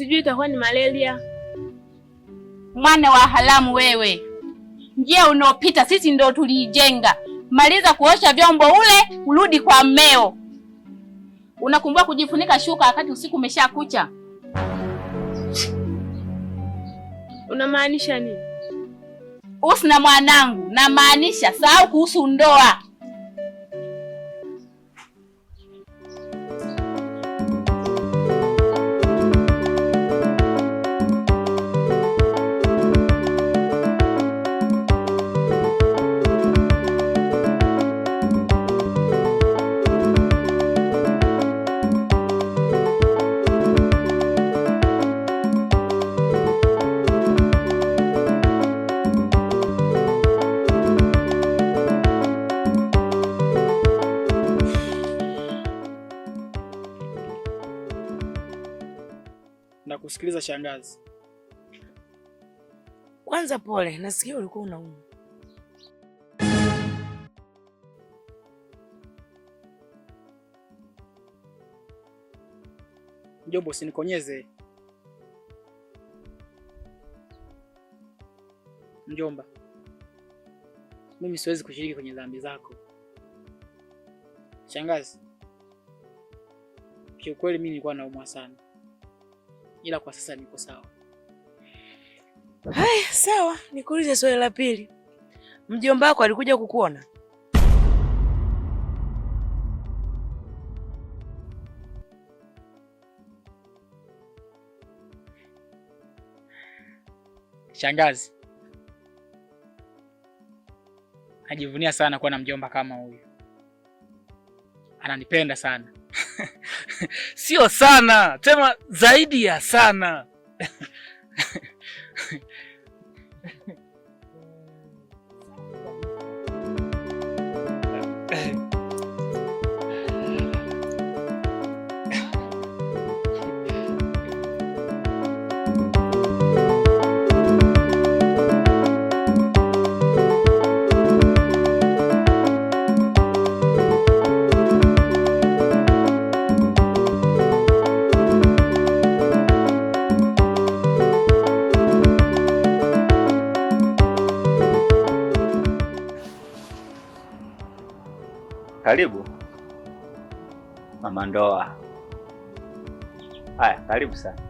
sijui itakuwa ni malaria. Mwana wa haramu wewe, njia unaopita sisi ndio tuliijenga. Maliza kuosha vyombo ule urudi kwa mmeo. Unakumbuka kujifunika shuka wakati usiku umesha kucha Unamaanisha nini? usina mwanangu, namaanisha sahau kuhusu ndoa. Sikiliza shangazi, kwanza pole, nasikia ulikuwa unaumwa. Mjomba, usinikonyeze mjomba. Mimi siwezi kushiriki kwenye dhambi zako shangazi. Kiukweli mimi nilikuwa naumwa sana ila kwa sasa niko sawa. Haya, sawa, nikuulize swali la pili. Mjomba wako alikuja kukuona? Shangazi najivunia sana kuwa na mjomba kama huyu, ananipenda sana. sio sana, tena zaidi ya sana Karibu mama ndoa. Haya, karibu sana.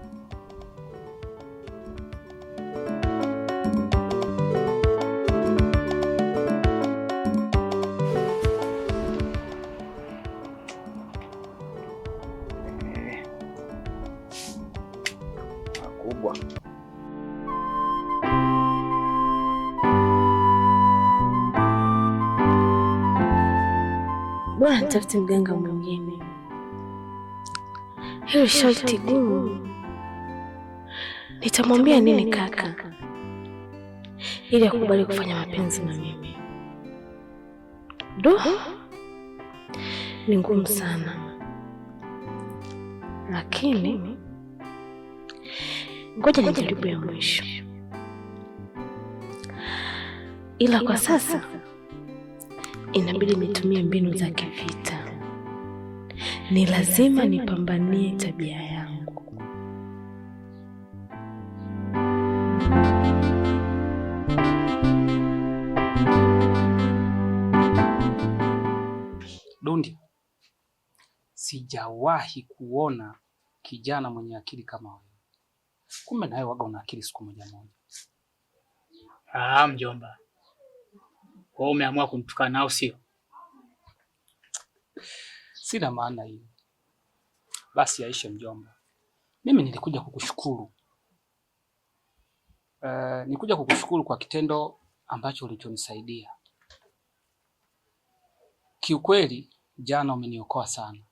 atafute mganga mm. mwingine. Hilo sharti gumu. Nitamwambia nini kaka ili akubali kufanya mapenzi na mimi? Do, ni ngumu sana, lakini ngoja nijaribu ya mwisho, ila kwa sasa inabidi nitumie mbinu za kivita. Ni lazima nipambanie tabia yangu. Dondi, sijawahi kuona kijana mwenye akili kama wewe. Kumbe nawe waga una akili siku moja moja. Ah, mjomba kwa hiyo umeamua kumtukana nao, sio? Sina maana hiyo. Basi yaishe, mjomba. Mimi nilikuja kukushukuru uh, eh, nikuja kukushukuru kwa kitendo ambacho ulichonisaidia. Kiukweli jana umeniokoa sana,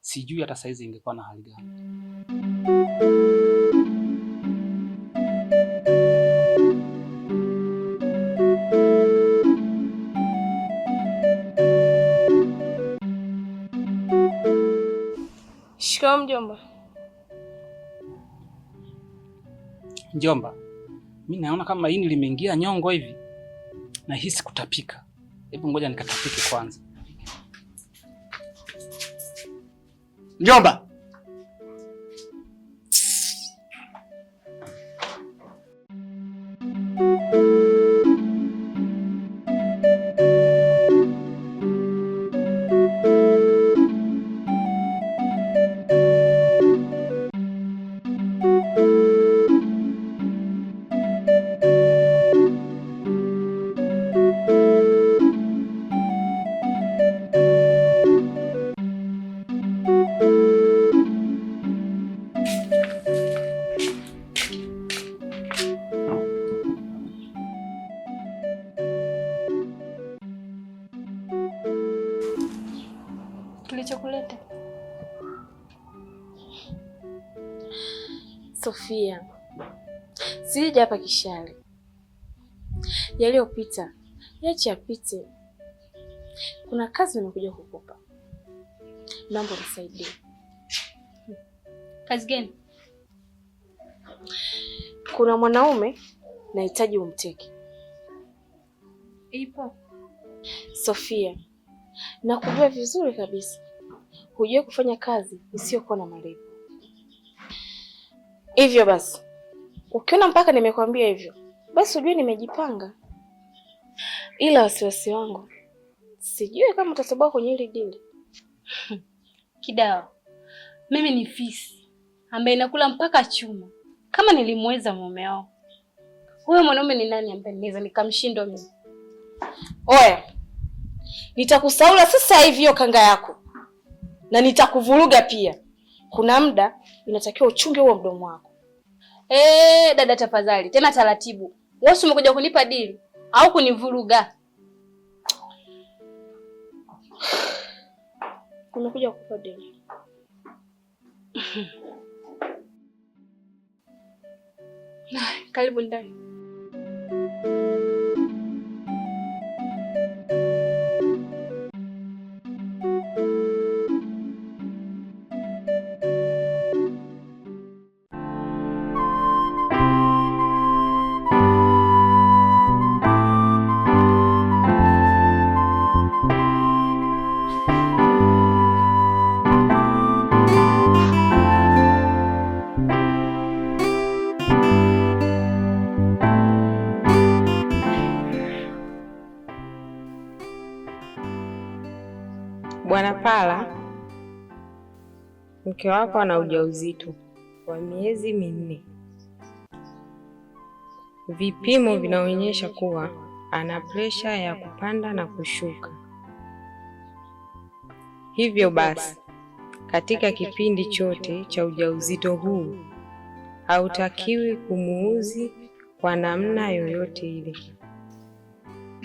sijui hata saizi ingekuwa na hali gani. Shikamoo mjomba. Mjomba, mi naona kama ini limeingia nyongo hivi, nahisi kutapika. Hebu ngoja nikatapike kwanza. Mjomba. hapa kishale. Yaliyopita yache yapite. Kuna kazi nimekuja kukupa, naomba nisaidie. Kazi gani? Kuna mwanaume nahitaji umteke. Ipo Sofia, nakujua vizuri kabisa, hujue kufanya kazi isiyokuwa na malipo. Hivyo basi Ukiona mpaka nimekwambia hivyo, basi ujue nimejipanga, ila wasiwasi wangu sijui kama utatoboa kwenye hili dili. kidao mimi ni fisi ambaye nakula mpaka chuma. Kama nilimweza mume wao, huyo mwanaume ni nani ambaye niweza nikamshindo mimi? Oya, nitakusaula sasa hivi hiyo kanga yako, na nitakuvuruga pia. Kuna muda inatakiwa uchunge huo mdomo wako. Eh, dada tafadhali, tena taratibu. Wewe umekuja kunipa dili au kunivuruga? Kumekuja kukupa dili. Karibu ndani. Bwana Pala, mke wako ana ujauzito wa miezi minne. Vipimo vinaonyesha kuwa ana presha ya kupanda na kushuka. Hivyo basi, katika kipindi chote cha ujauzito huu hautakiwi kumuuzi kwa namna yoyote ile.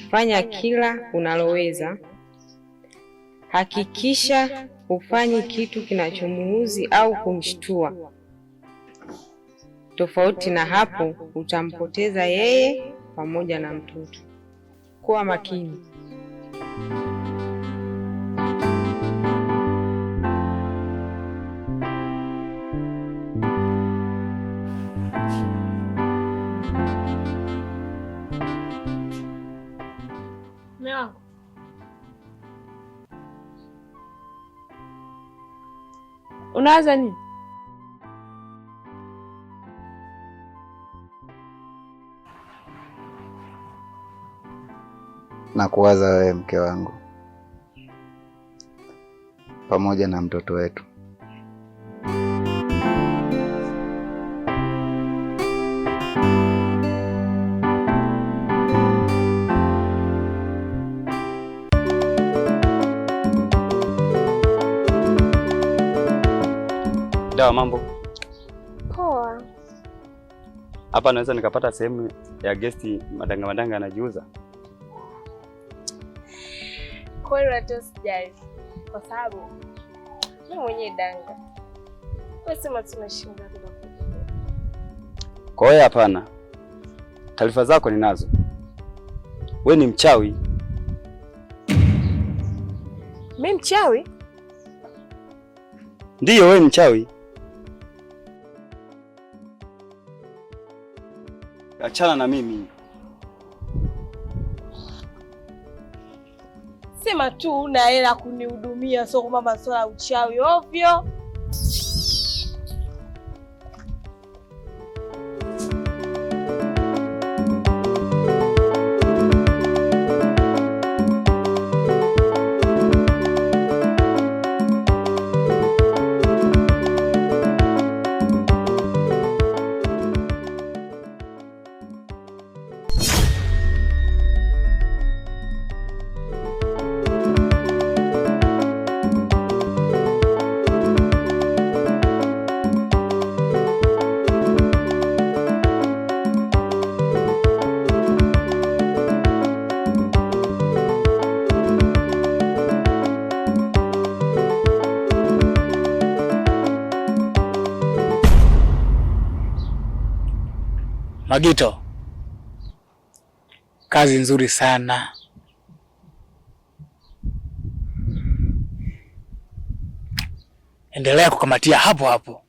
Fanya kila unaloweza Hakikisha hufanyi kitu kinachomuuzi au kumshtua. Tofauti na hapo, utampoteza yeye pamoja na mtoto. Kuwa makini. unawaza nini? Na kuwaza wewe mke wangu, pamoja na mtoto wetu. mambo? Poa. Hapa naweza nikapata sehemu ya gesti madanga madanga anajiuza? Kweli hata sijali, kwa sababu mimi mwenyewe danga sema tunashinda. Kwa hiyo hapana, taarifa zako ninazo, we ni mchawi. Mi mchawi? Ndiyo, we ni mchawi. achana na mimi. Sema tu una hela kunihudumia, sio kwamba masuala ya uchawi ovyo. Magito, kazi nzuri sana. Endelea kukamatia hapo hapo,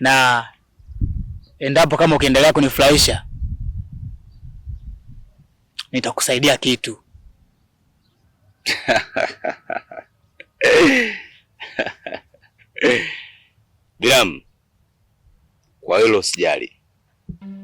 na endapo kama ukiendelea kunifurahisha nitakusaidia kitu. Biramu kwa hilo usijali. Mm.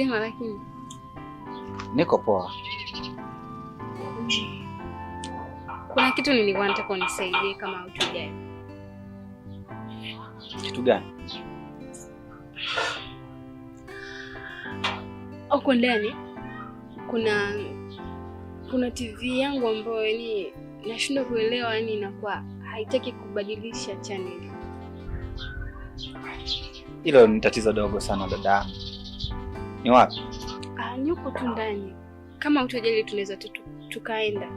mzima lakini niko poa. Kuna kitu nilikuwa nataka unisaidie kama utujali. Kitu gani? Huko ndani kuna kuna TV yangu ambayo yani nashindwa kuelewa, yani inakuwa haitaki kubadilisha channel. Hilo ni tatizo dogo sana dada. Ni wapi? Ah, ni tu ndani. Kama utajali tunaweza tukaenda.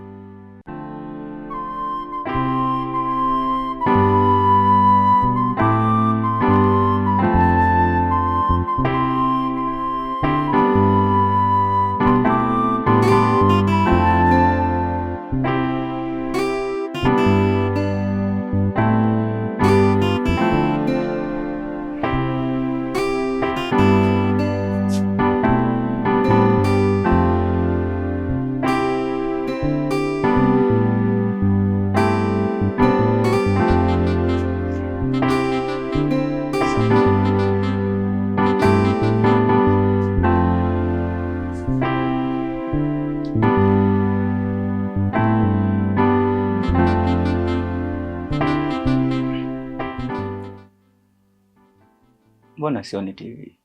sioni TV.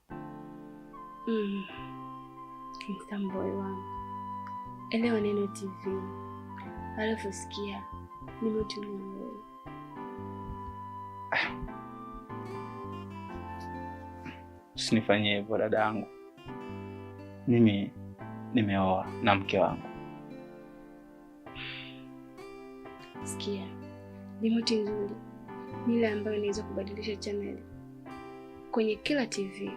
Mm. wangu, elewa neno TV alafu sikia nimetumia wewe. Usinifanyie hivyo dada yangu, mimi nimeoa na mke wangu. Sikia, ni mti nzuri, ni ile ambayo inaweza kubadilisha chaneli kwenye kila TV.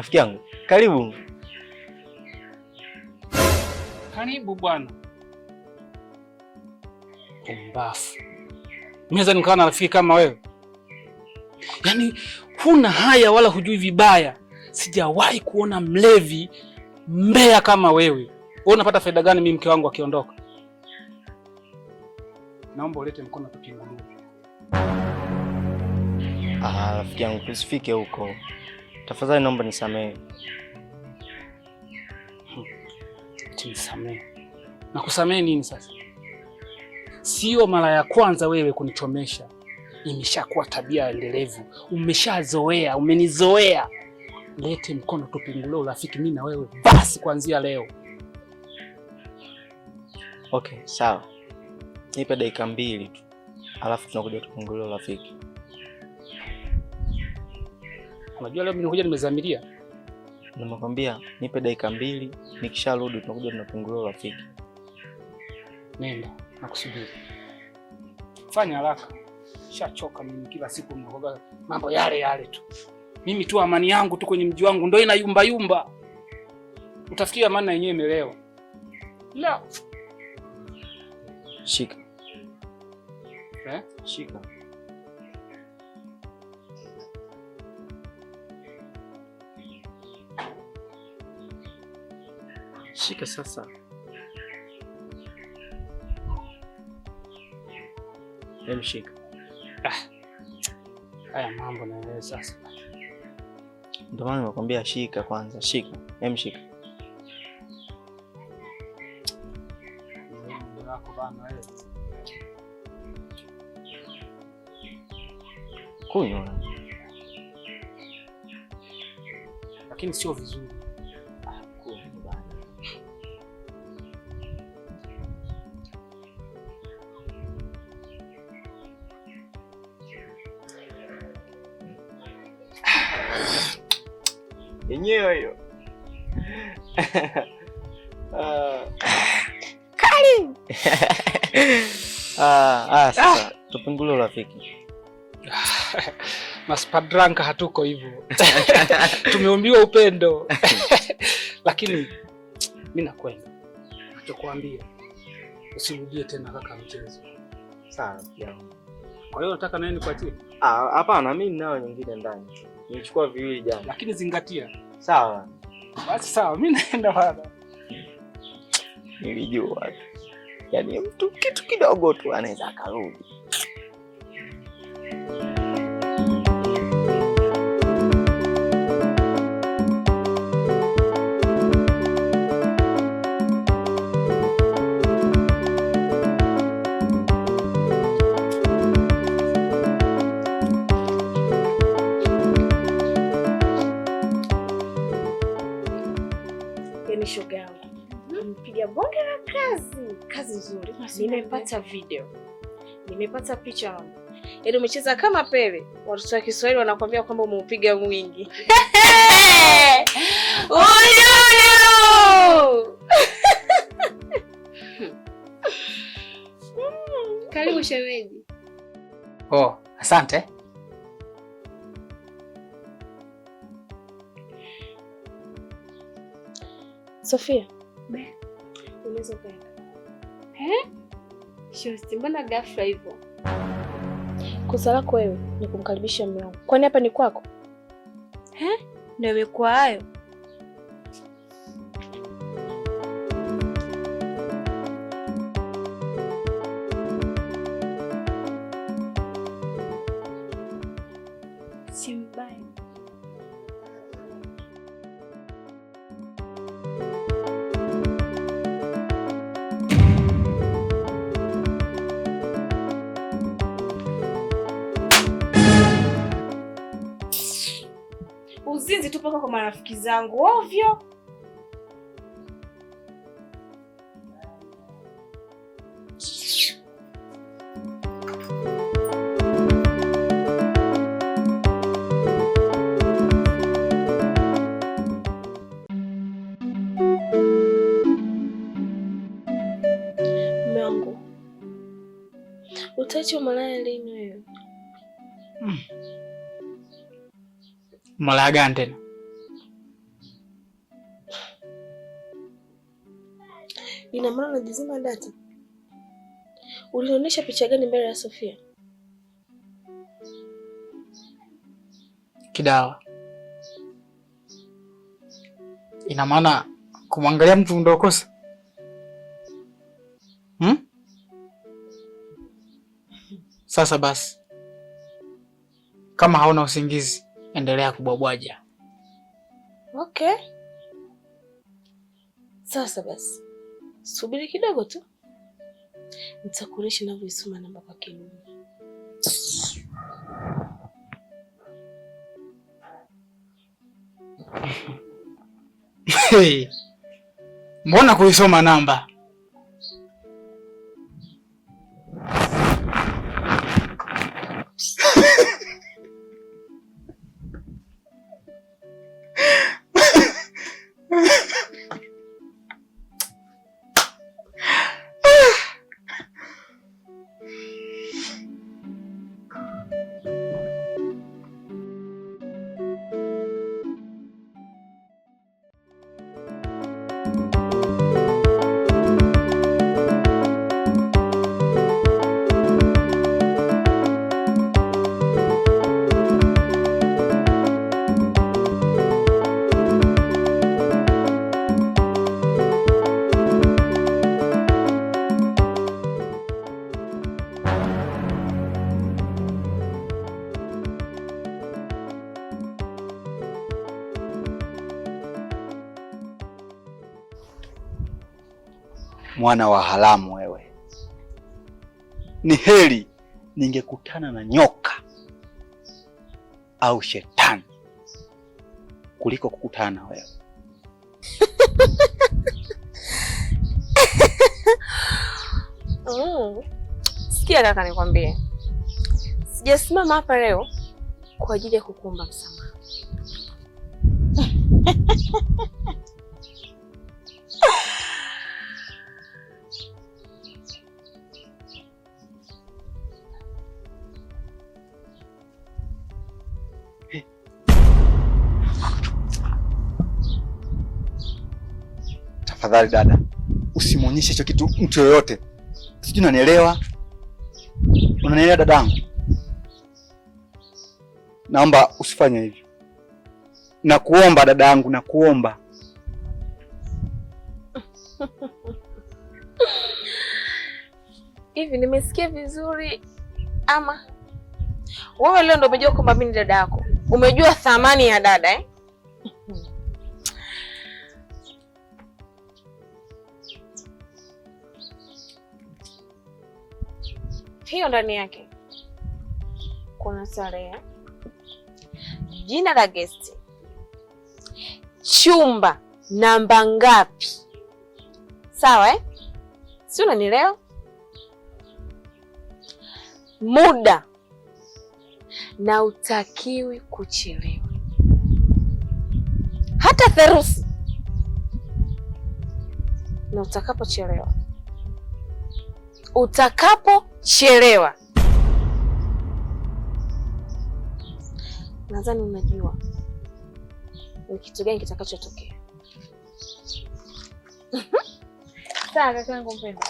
rafiki yangu, karibu. Karibu bwana. Pumbafu, naweza nikawa na rafiki kama wewe? Yaani huna haya wala hujui vibaya. Sijawahi kuona mlevi mbea kama wewe. Wewe unapata faida gani mimi mke wangu akiondoka? Naomba ulete mkono tupimane. Ah, rafiki yangu usifike huko. Tafadhali naomba nisamehe. Nisamehe? Nakusamehe nini sasa? Sio mara ya kwanza wewe kunichomesha, imeshakuwa tabia endelevu, umeshazoea, umenizoea. Lete mkono tupingulie urafiki mimi na wewe basi, kuanzia leo. Okay, sawa, nipe dakika mbili tu, alafu tunakuja tupingulie urafiki. Unajua leo mimi nimekuja nimezamiria. Nimekwambia nipe dakika mbili, nikisharudi tunakuja tunapungulia rafiki. Nenda, nakusubiri. Fanya haraka. Shachoka mimi kila siku mnakoga mambo yale yale tu. Mimi tu amani yangu tu kwenye mji wangu ndio ina yumba yumba. Utafikiri amani na yenyewe imelewa. La. Shika. Eh? Shika. Shika sasa. Mshika. Haya ah, mambo na wewe sasa. Ndio maana nakwambia shika kwanza, shika. Mshika. Kunywa. Lakini sio vizuri. yenyewe hiyo. Ah. Kali. Ah, ah, sasa ah. tupungulie urafiki. Maspadranka hatuko hivyo. Tumeumbiwa upendo. Lakini mimi nakwenda. Nachokuambia usirudie tena kaka mchezo. Sawa. Kwa hiyo nataka nani nikuachie? Ah, hapana, mimi ninao nyingine ndani. Nilichukua viwili jana. Lakini zingatia. Sawa. Basi sawa, mimi naenda bwana. Nilijua. Yaani mtu kitu kidogo tu anaweza akarudi. nimepata video, nimepata picha mama. Yaani umecheza kama pele. Watoto wa Kiswahili wanakuambia kwamba umeupiga mwingi. Uyulu! Karibu shemeji. Oh, asante. Sofia. Be. Unaweza kwenda. Eh? Shosti, mbona ghafla hivyo? Kosa lako wewe ni kumkaribisha mume wangu. Kwani hapa ni kwako? He? Ndio imekuwa hayo. haki zangu ovyo. Mume malaya lini wewe? Malaya hmm. gani tena? Ina maana unajizima data? Ulionyesha picha gani mbele ya Sofia? Kidawa, ina maana kumwangalia mtu ndio kosa hmm? Sasa basi, kama hauna usingizi endelea kubwabwaja. Okay, sasa basi Subiri kidogo tu, nitakuonyesha navyoisoma namba kwa kinuni. Mbona kuisoma namba mwana wa haramu wewe. Ni heri ningekutana na nyoka au shetani kuliko kukutana na wewe. Mm. Sikia kaka, nikwambie, sijasimama hapa leo kwa ajili ya kukuomba msamaha tafadhali dada, usimwonyeshe hicho kitu mtu yoyote. Sijui unanielewa, unanielewa dadangu? Naomba usifanye hivyo, nakuomba dadangu, yangu, nakuomba. Hivi nimesikia vizuri ama wewe leo ndo umejua kwamba mimi ni dada yako? Umejua thamani ya dada eh? hiyo ndani yake kuna tarehe, jina la gesti, chumba namba ngapi, sawa eh? si unanielewa? Muda na utakiwi kuchelewa hata therusi, na utakapochelewa utakapo chelewa. Nadhani unajua ni kitu gani kitakachotokea. Sawa, kakaangu mpendwa.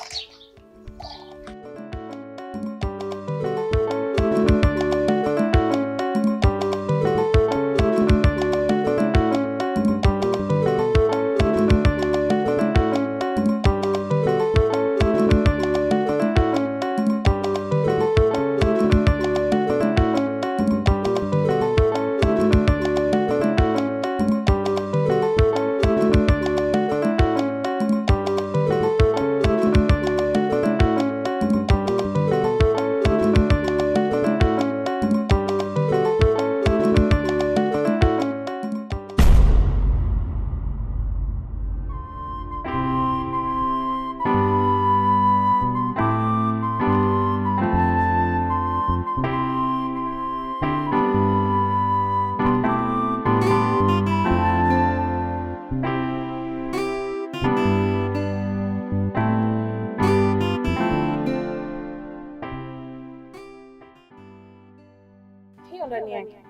ndani yake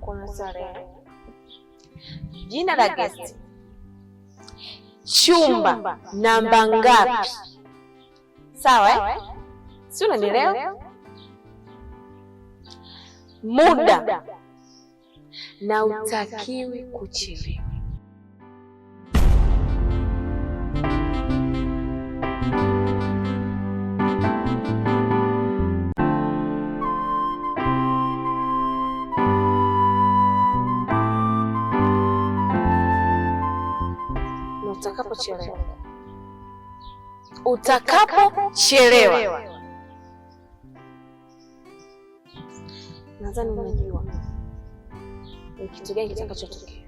kuna sare, Jina la gesti, chumba namba ngapi? Sawa eh? eh? si unanielewa? Muda na utakiwi kuchelewa. utakapochelewa, utakapochelewa. Nadhani unajua ni kitu gani kitakachotokea.